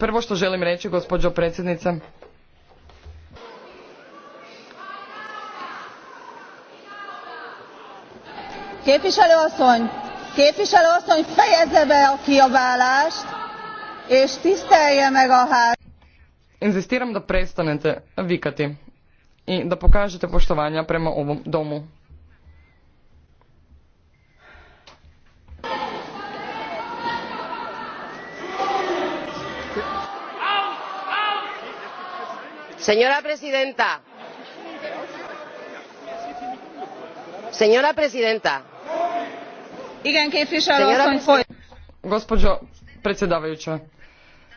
Prvo što želim reći, gospođo predsjednice, Képviselő asszony, képviselő asszony fejezze be a kiabálást, és tisztelje meg a ház. Inzistiram da prestanete vikati i da pokažete poštovanja prema ovom domu. señora presidenta señora presidenta gospođo predsjedavajuća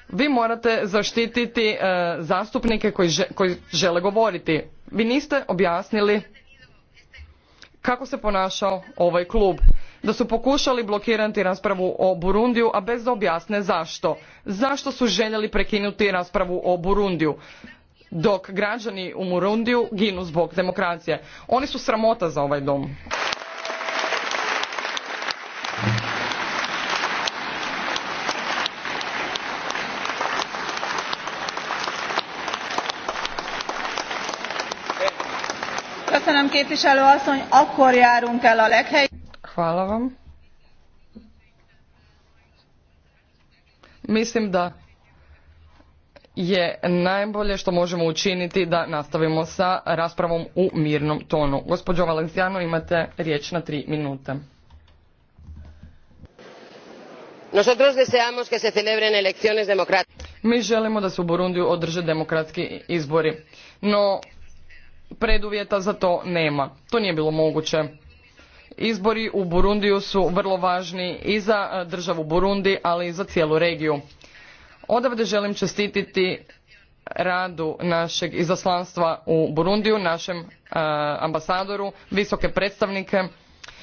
vi morate zaštititi e, zastupnike koji, koji žele govoriti vi niste objasnili kako se ponašao ovaj klub da su pokušali blokirati raspravu o burundiju a bez da objasne zašto zašto su željeli prekinuti raspravu o burundiju dok građani u Murundiju ginu zbog demokracije. Oni su sramota za ovaj dom. Hvala vam. Mislim da je najbolje što možemo učiniti da nastavimo sa raspravom u mirnom tonu. Gospođo Valenciano, imate riječ na tri minute. Nosotros se Mi želimo da se u Burundiju održe demokratski izbori, no preduvjeta za to nema. To nije bilo moguće. Izbori u Burundiju su vrlo važni i za e, državu Burundi, ali i za cijelu regiju Odavde želim čestititi radu našeg izaslanstva u Burundiju, našem e, ambasadoru, visoke predstavnike,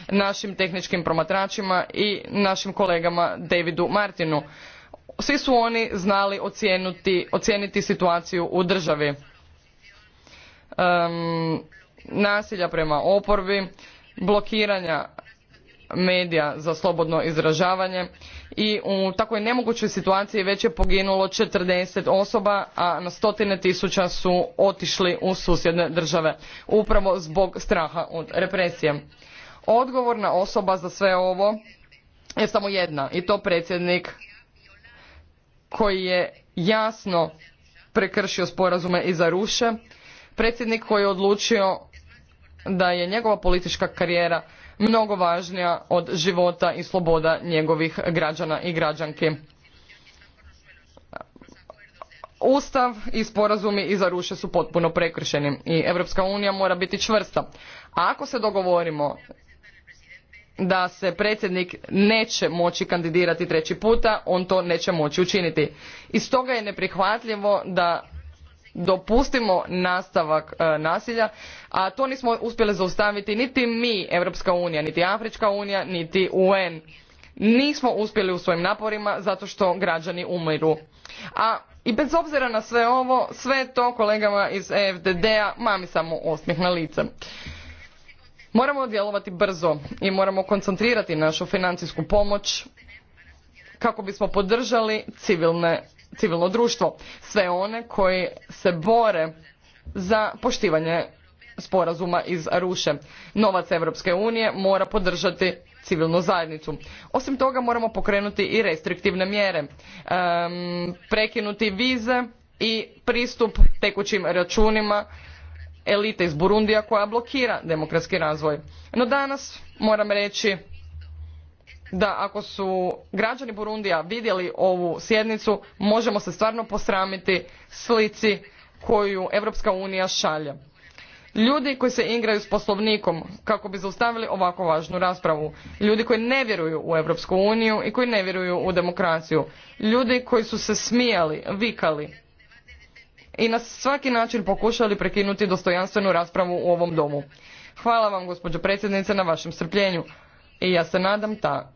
našim tehničkim promatračima i našim kolegama Davidu Martinu. Svi su oni znali ocijenuti, ocijeniti situaciju u državi. nasilja prema oporbi, blokiranja medija za slobodno izražavanje i u takvoj nemogućoj situaciji već je poginulo 40 osoba, a na stotine tisuća su otišli u susjedne države, upravo zbog straha od represije. Odgovorna osoba za sve ovo je samo jedna i to predsjednik koji je jasno prekršio sporazume i zaruše. predsjednik koji je odlučio da je njegova politička karijera mnogo važnija od života i sloboda njegovih građana i građanki. Ustav i sporazumi iza ruše su potpuno prekršeni i Europska unija mora biti čvrsta. A ako se dogovorimo da se predsjednik neće moći kandidirati treći puta, on to neće moći učiniti. I stoga je neprihvatljivo da dopustimo nastavak e, nasilja a to nismo uspjeli zaustaviti niti mi europska unija niti afrička unija niti un nismo uspjeli u svojim naporima zato što građani umiru a i bez obzira na sve ovo sve to kolegama iz efdd a mami samo osmijeh na lice moramo djelovati brzo i moramo koncentrirati našu financijsku pomoć kako bismo podržali civilne civilno društvo, sve one koji se bore za poštivanje sporazuma iz Aruše. Novac Europske unije mora podržati civilnu zajednicu. Osim toga moramo pokrenuti i restriktivne mjere, prekinuti vize i pristup tekućim računima elite iz Burundija koja blokira demokratski razvoj. No danas moram reći da ako su građani Burundija vidjeli ovu sjednicu, možemo se stvarno posramiti slici koju Europska unija šalje. Ljudi koji se igraju s poslovnikom kako bi zaustavili ovako važnu raspravu. Ljudi koji ne vjeruju u Europsku uniju i koji ne vjeruju u demokraciju. Ljudi koji su se smijali, vikali i na svaki način pokušali prekinuti dostojanstvenu raspravu u ovom domu. Hvala vam, gospođo predsjednice, na vašem strpljenju. I ja se nadam ta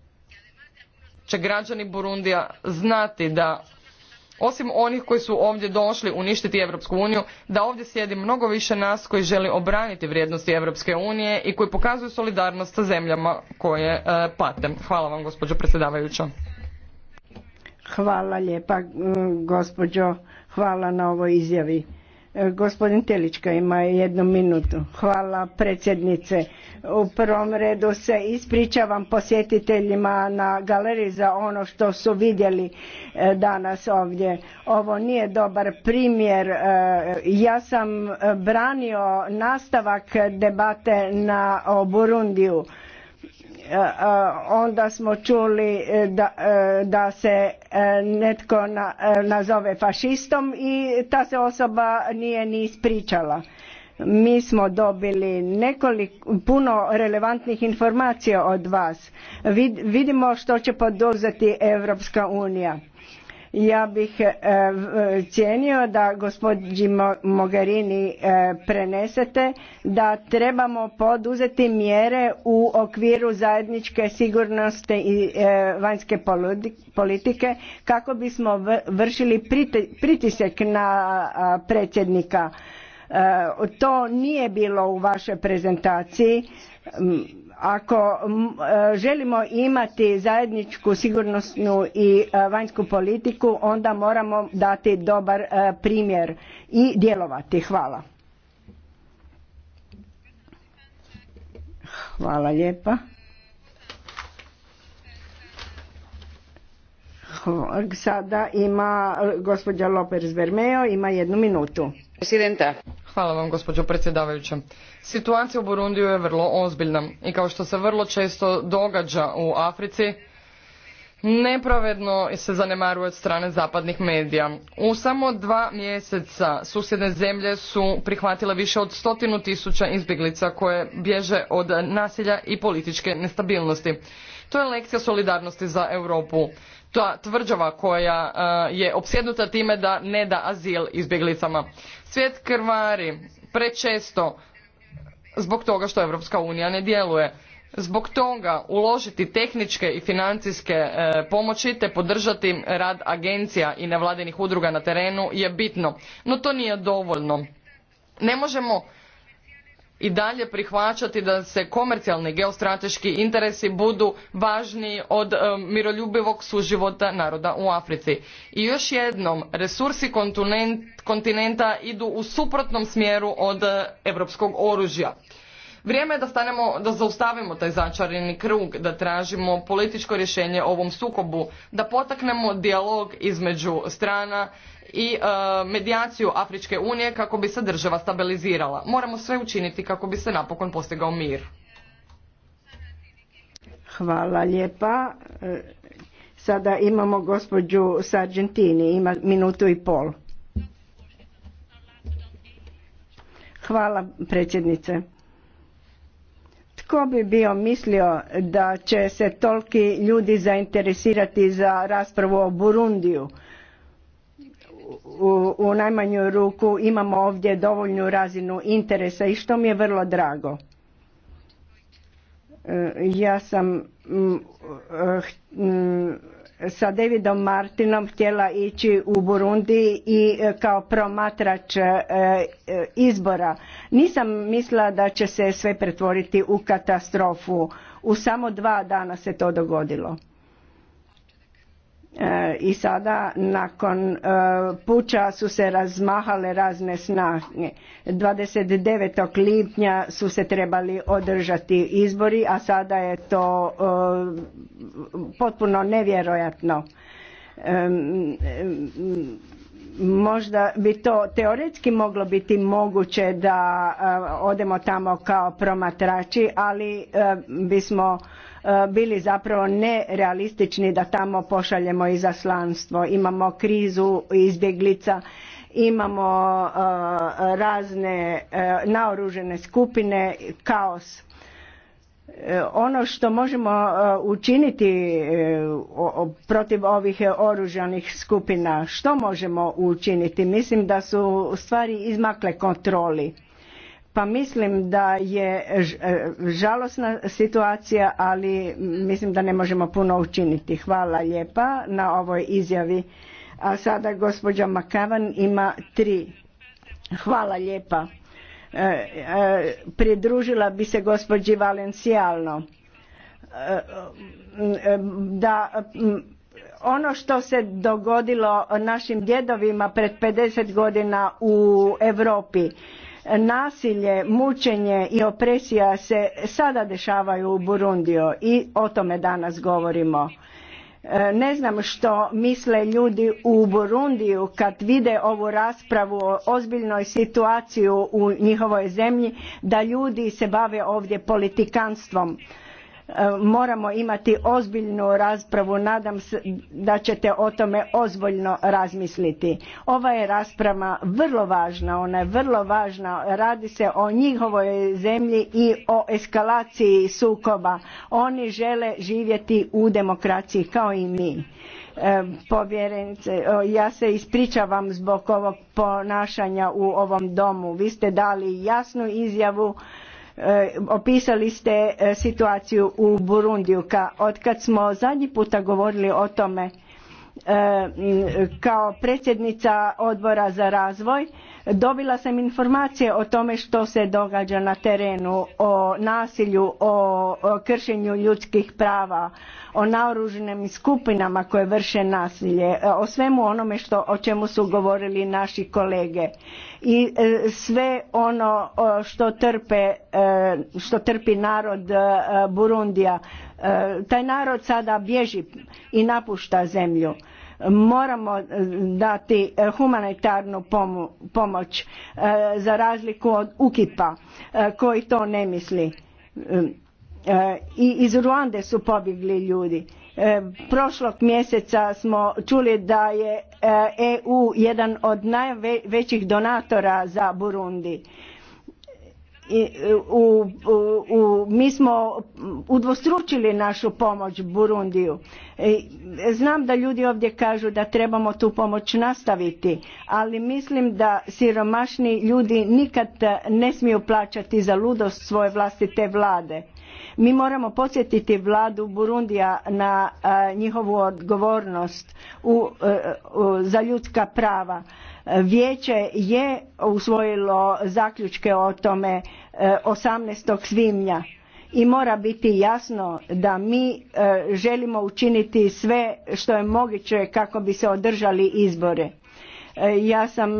će građani Burundija znati da osim onih koji su ovdje došli uništiti Europsku uniju, da ovdje sjedi mnogo više nas koji želi obraniti vrijednosti Europske unije i koji pokazuju solidarnost sa zemljama koje e, pate. Hvala vam gospođo predsjedavajuća. Hvala lijepa e, gospođo, hvala na ovoj izjavi. Gospodin Telička ima jednu minutu. Hvala predsjednice. U prvom redu se ispričavam posjetiteljima na galeriji za ono što su vidjeli e, danas ovdje. Ovo nije dobar primjer. E, ja sam branio nastavak debate na o Burundiju E, e, onda smo čuli e, da, da se netko nazove fašistom i ta se osoba nije ni ispričala. Mi smo dobili nekoliko, puno relevantnih informacija od vas. vidimo što će poduzeti Europska unija ja bih e, cijenio da gospođi Mogherini e, prenesete da trebamo poduzeti mjere u okviru zajedničke sigurnosti i e, vanjske politike kako bismo vršili pritisak na predsjednika. To nije bilo u vašoj prezentaciji ako e, želimo imati zajedničku sigurnosnu i e, vanjsku politiku onda moramo dati dobar e, primjer i djelovati. Hvala. Hvala lijepa. Sada ima gospođa Lopez Vermeo, ima jednu minutu. Presidenta. Hvala vam, gospođo predsjedavajuća. Situacija u Burundiju je vrlo ozbiljna i kao što se vrlo često događa u Africi, nepravedno se zanemaruje od strane zapadnih medija. U samo dva mjeseca susjedne zemlje su prihvatile više od stotinu tisuća izbjeglica koje bježe od nasilja i političke nestabilnosti. To je lekcija solidarnosti za Europu. Ta tvrđava koja e, je opsjednuta time da ne da azil izbjeglicama. Svijet krvari prečesto zbog toga što Europska unija ne djeluje. Zbog toga uložiti tehničke i financijske e, pomoći te podržati rad agencija i nevladinih udruga na terenu je bitno, no to nije dovoljno. Ne možemo i dalje prihvaćati da se komercijalni geostrateški interesi budu važniji od e, miroljubivog suživota naroda u Africi. I još jednom, resursi kontinenta idu u suprotnom smjeru od europskog oružja. Vrijeme je da, stanemo, da zaustavimo taj začarani krug, da tražimo političko rješenje ovom sukobu, da potaknemo dijalog između strana i e, medijaciju Afričke unije kako bi se država stabilizirala. Moramo sve učiniti kako bi se napokon postigao mir. Hvala lijepa. E, sada imamo gospođu Sargentini, ima minutu i pol. Hvala predsjednice. Tko bi bio mislio da će se toliki ljudi zainteresirati za raspravu o Burundiju? U, u najmanju ruku imamo ovdje dovoljnu razinu interesa i što mi je vrlo drago. E, ja sam eh, hm, sa Davidom Martinom htjela ići u Burundi i e, kao promatrač e, e, izbora. Nisam mislila da će se sve pretvoriti u katastrofu. U samo dva dana se to dogodilo. E, i sada nakon e, puća su se razmahale razne snage. 29. lipnja su se trebali održati izbori, a sada je to e, potpuno nevjerojatno. Možda bi to teoretski moglo biti moguće da odemo tamo kao promatrači, ali bismo E, bili zapravo nerealistični da tamo pošaljemo izaslanstvo. Imamo krizu izbjeglica, imamo e, razne e, naoružene skupine, kaos. Ono što možemo učiniti protiv ovih oružanih skupina, što možemo učiniti? Mislim da su stvari izmakle kontroli pa mislim da je e, žalosna situacija, ali mislim da ne možemo puno učiniti. Hvala lijepa na ovoj izjavi. A sada gospođa Makavan ima tri. Hvala lijepa. E, e, pridružila bi se gospođi Valencijalno. da ono što se dogodilo našim djedovima pred 50 godina u Europi Nasilje, mučenje i opresija se sada dešavaju u Burundiju i o tome danas govorimo. E, ne znam što misle ljudi u Burundiju kad vide ovu raspravu o ozbiljnoj situaciji u njihovoj zemlji da ljudi se bave ovdje politikanstvom E, moramo imati ozbiljnu raspravu, nadam se da ćete o tome ozbiljno razmisliti. Ova je rasprava vrlo važna, ona je vrlo važna, radi se o njihovoj zemlji i o eskalaciji sukoba. Oni žele živjeti u demokraciji kao i mi. E, povjerenice, e, ja se ispričavam zbog ovog ponašanja u ovom domu. Vi ste dali jasnu izjavu E, opisali ste e, situaciju u Burundiju. Od kad smo zadnji puta govorili o tome, E, kao predsjednica odbora za razvoj dobila sam informacije o tome što se događa na terenu o nasilju o kršenju ljudskih prava o naoružanim skupinama koje vrše nasilje e, o svemu onome što, o čemu su govorili naši kolege i e, sve ono što trpe što trpi narod Burundija E, taj narod sada bježi i napušta zemlju. Moramo e, dati e, humanitarnu pomoć za razliku od Ukipa koji to ne misli. I iz Ruande su pobjegli ljudi. Prošlog mjeseca smo čuli da je EU jedan od najvećih donatora za Burundi E, u, mi smo udvostručili našu pomoć Burundiju. E, znam da ljudi ovdje kažu da trebamo tu pomoć nastaviti, ali mislim da siromašni ljudi nikad ne smiju plaćati za ludost svoje vlastite vlade. Mi moramo podsjetiti vladu Burundija na njihovu odgovornost e, u, za ljudska prava Vijeće je usvojilo zaključke o tome 18. E, svibnja i mora biti jasno da mi e, želimo učiniti sve što je moguće kako bi se održali izbore. E, ja sam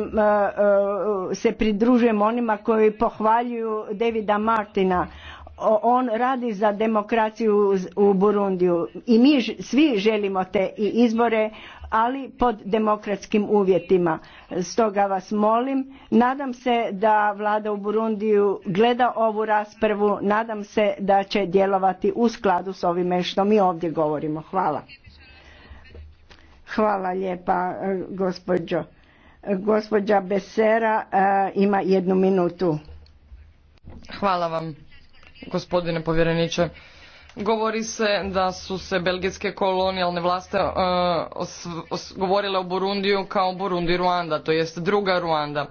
se pridružujem onima koji pohvaljuju Davida Martina on radi za demokraciju u Burundiju i mi svi želimo te izbore ali pod demokratskim uvjetima. Stoga vas molim, nadam se da vlada u Burundiju gleda ovu raspravu, nadam se da će djelovati u skladu s ovime što mi ovdje govorimo. Hvala. Hvala lijepa gospođo. Gospođa Besera e, ima jednu minutu. Hvala vam gospodine povjereniče. Govori se da su se belgijske kolonijalne vlasti e, govorile o Burundiju kao Burundi Ruanda, to jest druga Ruanda.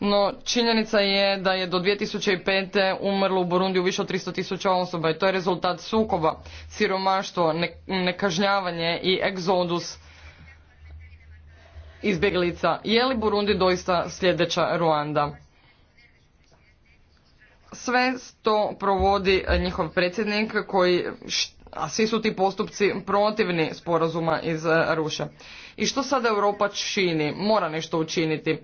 No činjenica je da je do 2005. umrlo u Burundiju više od 300.000 osoba i to je rezultat sukoba, siromaštvo, nekažnjavanje i egzodus izbjeglica. Je li Burundi doista sljedeća Ruanda? sve to provodi njihov predsjednik koji, a svi su ti postupci protivni sporazuma iz e, ruše. I što sada Europa čini? Mora nešto učiniti.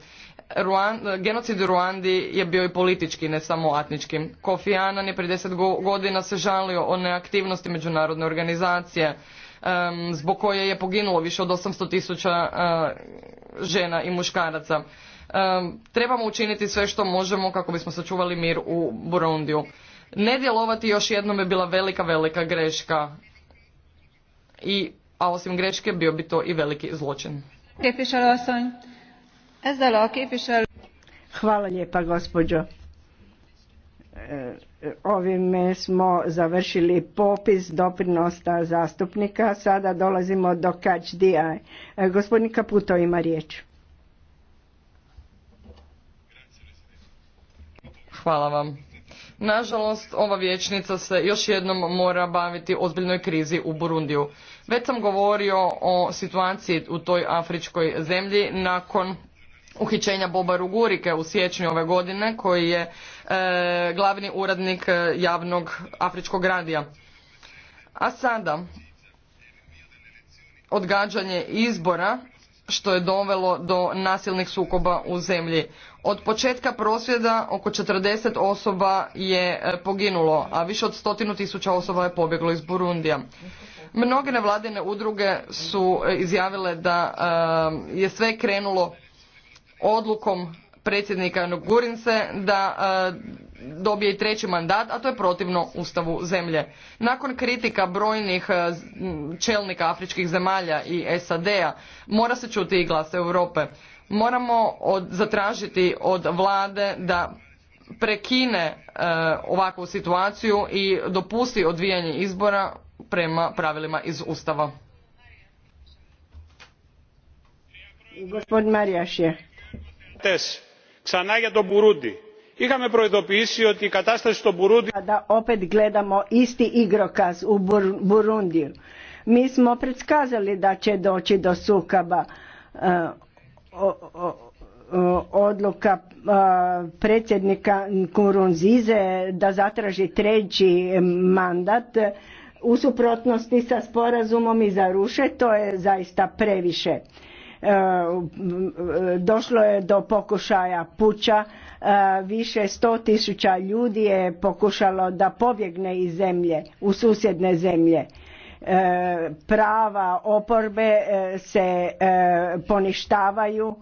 genocid u Ruandi je bio i politički, ne samo atnički. Kofi je prije deset godina se žalio o neaktivnosti međunarodne organizacije zbog koje je poginulo više od 800 tisuća e, žena i muškaraca trebamo učiniti sve što možemo kako bismo sačuvali mir u Burundiju. Ne djelovati još jednom je bila velika, velika greška. I, a osim greške bio bi to i veliki zločin. Hvala lijepa gospođo. E, ovime smo završili popis doprinosta zastupnika. Sada dolazimo do Kač e, Gospodin Kaputo ima riječ. Hvala vam. Nažalost, ova vječnica se još jednom mora baviti ozbiljnoj krizi u Burundiju. Već sam govorio o situaciji u toj afričkoj zemlji nakon uhićenja Boba Rugurike u siječnju ove godine koji je e, glavni uradnik javnog afričkog radija. A sada odgađanje izbora što je dovelo do nasilnih sukoba u zemlji. Od početka prosvjeda oko 40 osoba je e, poginulo, a više od stotinu tisuća osoba je pobjeglo iz Burundija. Mnoge nevladine udruge su e, izjavile da e, je sve krenulo odlukom predsjednika Nogurince da dobije i treći mandat, a to je protivno Ustavu zemlje. Nakon kritika brojnih e, čelnika afričkih zemalja i SAD-a mora se čuti i glas Europe. Moramo zatražiti od vlade da prekine e, ovakvu situaciju i dopusti odvijanje izbora prema pravilima iz Ustava. Gospodin Marijaš je. Tes, do είχαμε προειδοποιήσει ότι η κατάσταση στο opet gledamo isti igrokaz u Burundiju. Mi smo predskazali da će doći do sukaba e, odluka e, predsjednika Kurunzize da zatraži treći mandat u suprotnosti sa sporazumom za ruše, to je zaista previše. E, došlo je do pokušaja puća, Eh, više sto tisuća ljudi je pokušalo da pobjegne iz zemlje u susjedne zemlje eh, prava oporbe eh, se poništavaju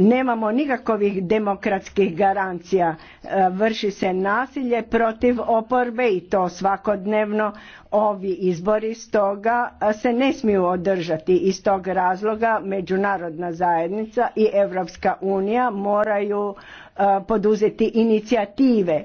nemamo nikakvih demokratskih garancija. E, vrši se nasilje protiv oporbe i to svakodnevno. Ovi izbori stoga se ne smiju održati. Iz tog razloga međunarodna zajednica i Europska unija moraju e, poduzeti inicijative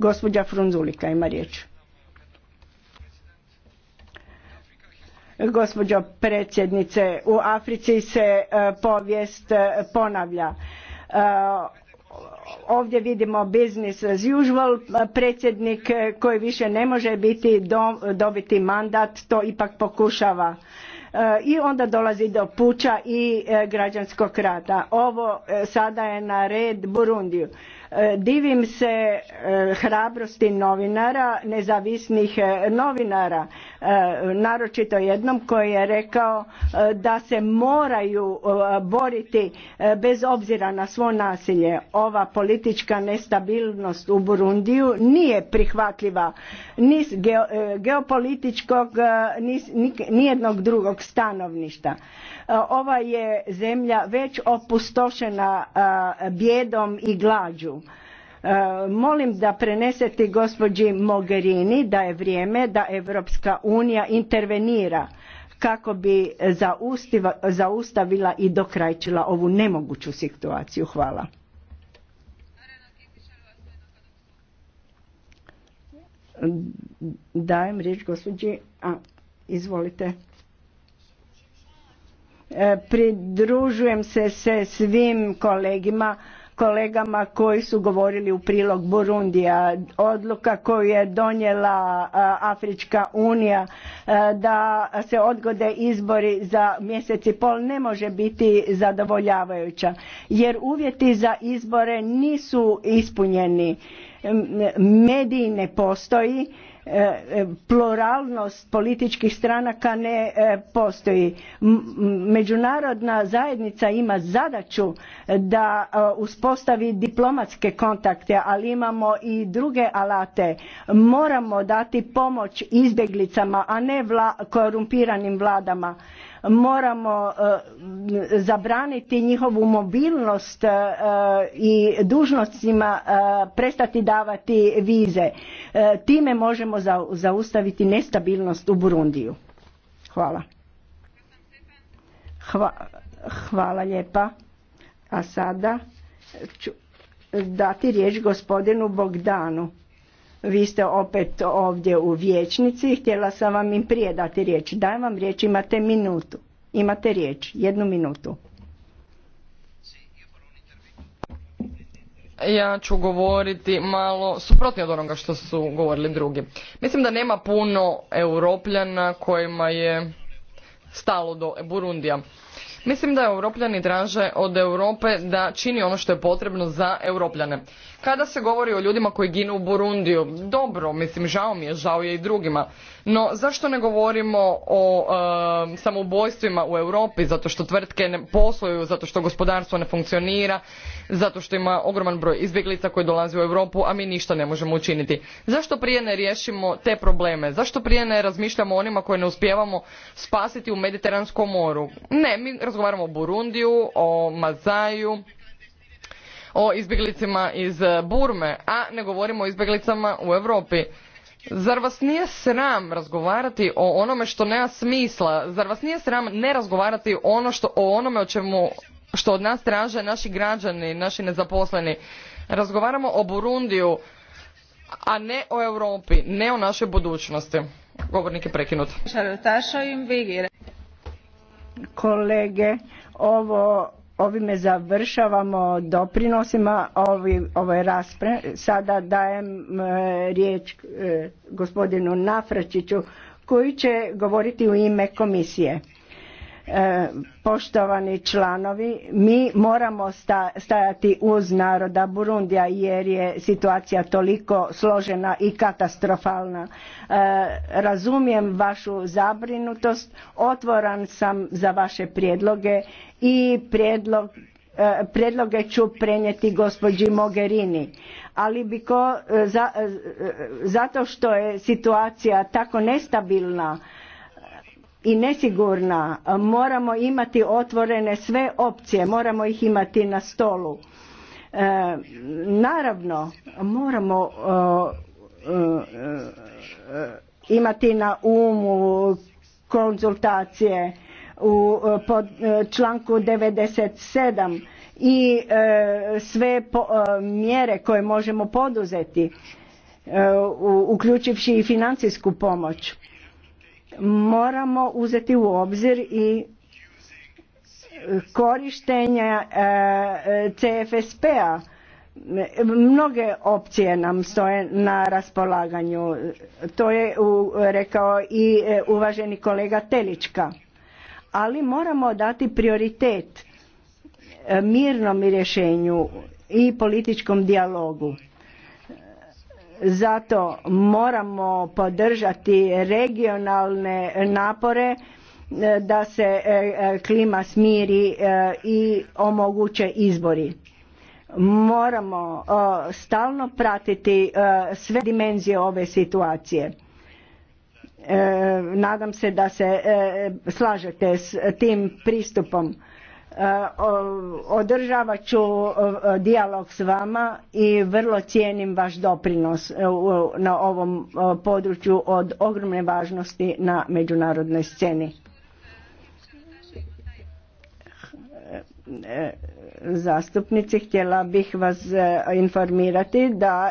Gospođa Frunzulika ima riječ. Gospođo predsjednice, u Africi se e, povijest e, ponavlja. E, ovdje vidimo business as usual, predsjednik koji više ne može biti dobiti mandat, to ipak pokušava i onda dolazi do puća i građanskog rata. Ovo sada je na red Burundiju. E, divim se e, hrabrosti novinara, nezavisnih e, novinara, naročito jednom koji je rekao da se moraju boriti bez obzira na svo nasilje. Ova politička nestabilnost u Burundiju nije prihvatljiva ni geopolitičkog ni nijednog drugog stanovništa. Ova je zemlja već opustošena bijedom i glađu E, molim da prenesete gospođi Mogherini da je vrijeme da Europska unija intervenira kako bi zaustavila i dokrajčila ovu nemoguću situaciju. Hvala. Dajem riječ gospođi. izvolite. E, pridružujem se, se svim kolegima kolegama koji su govorili u prilog Burundija. Odluka koju je donijela Afrička unija da se odgode izbori za mjesec i pol ne može biti zadovoljavajuća jer uvjeti za izbore nisu ispunjeni. Mediji ne postoji E, e, pluralnost političkih stranaka ne e, postoji. Međunarodna zajednica ima zadaću da uspostavi diplomatske kontakte, ali imamo i druge alate. Moramo dati pomoć izbjeglicama, a ne korumpiranim vladama moramo e, zabraniti njihovu mobilnost e, i dužnostima e, prestati davati vize. Time možemo zaustaviti nestabilnost u Burundiju. Hvala. hvala lijepa. A sada ću dati riječ gospodinu Bogdanu. Vi ste opet ovdje u vijećnici, htjela sam vam im prije dati riječ. Dajem vam riječ, imate minutu. Imate riječ, jednu minutu. ja ću govoriti malo suprotno od onoga što su govorili drugi. Mislim da nema puno europljana kojima je stalo do Burundija. Mislim da europljani draže od Europe da čini ono što je potrebno za europljane. Kada se govori o ljudima koji ginu u Burundiju, dobro, mislim, žao mi je, žao je i drugima. No, zašto ne govorimo o e, samoubojstvima u Europi, zato što tvrtke ne posluju, zato što gospodarstvo ne funkcionira, zato što ima ogroman broj izbjeglica koji dolazi u Europu, a mi ništa ne možemo učiniti. Zašto prije ne riješimo te probleme? Zašto prije ne razmišljamo onima koje ne uspijevamo spasiti u Mediteranskom moru? Ne, mi razgovaramo o Burundiju, o Mazaju, o izbjeglicima iz Burme, a ne govorimo o izbjeglicama u Europi. Zar vas nije sram razgovarati o onome što nema smisla? Zar vas nije sram ne razgovarati ono što, o onome o čemu što od nas traže naši građani, naši nezaposleni? Razgovaramo o Burundiju, a ne o Europi, ne o našoj budućnosti. Govornik je prekinut kolege, ovo ovime završavamo doprinosima ovi, ove Sada dajem e, riječ e, gospodinu Nafračiću koji će govoriti u ime komisije. E, poštovani članovi, mi moramo stajati uz naroda Burundija jer je situacija toliko složena i katastrofalna. E, razumijem vašu zabrinutost, otvoran sam za vaše prijedloge i e, prijedloge ću prenijeti gospođi Mogherini, ali biko, zato što je situacija tako nestabilna, i nesigurna. Moramo imati otvorene sve opcije, moramo ih imati na stolu. E, naravno, moramo e, e, imati na umu konzultacije u pod članku 97 i sve mjere koje možemo poduzeti uključivši i financijsku pomoć moramo uzeti u obzir i korištenja e, CFSP-a. Mnoge opcije nam stoje na raspolaganju. To je rekao i e, uvaženi kolega Telička. Ali moramo dati prioritet e, mirnom rješenju i političkom dijalogu zato moramo podržati regionalne napore e, da se e, e, klima smiri i omoguće izbori moramo stalno pratiti sve dimenzije ove situacije nadam se da se slažete s tim pristupom održavat ću dijalog s vama i vrlo cijenim vaš doprinos e, na ovom području od ogromne važnosti na međunarodnoj sceni. E, zastupnici, htjela bih vas e, informirati da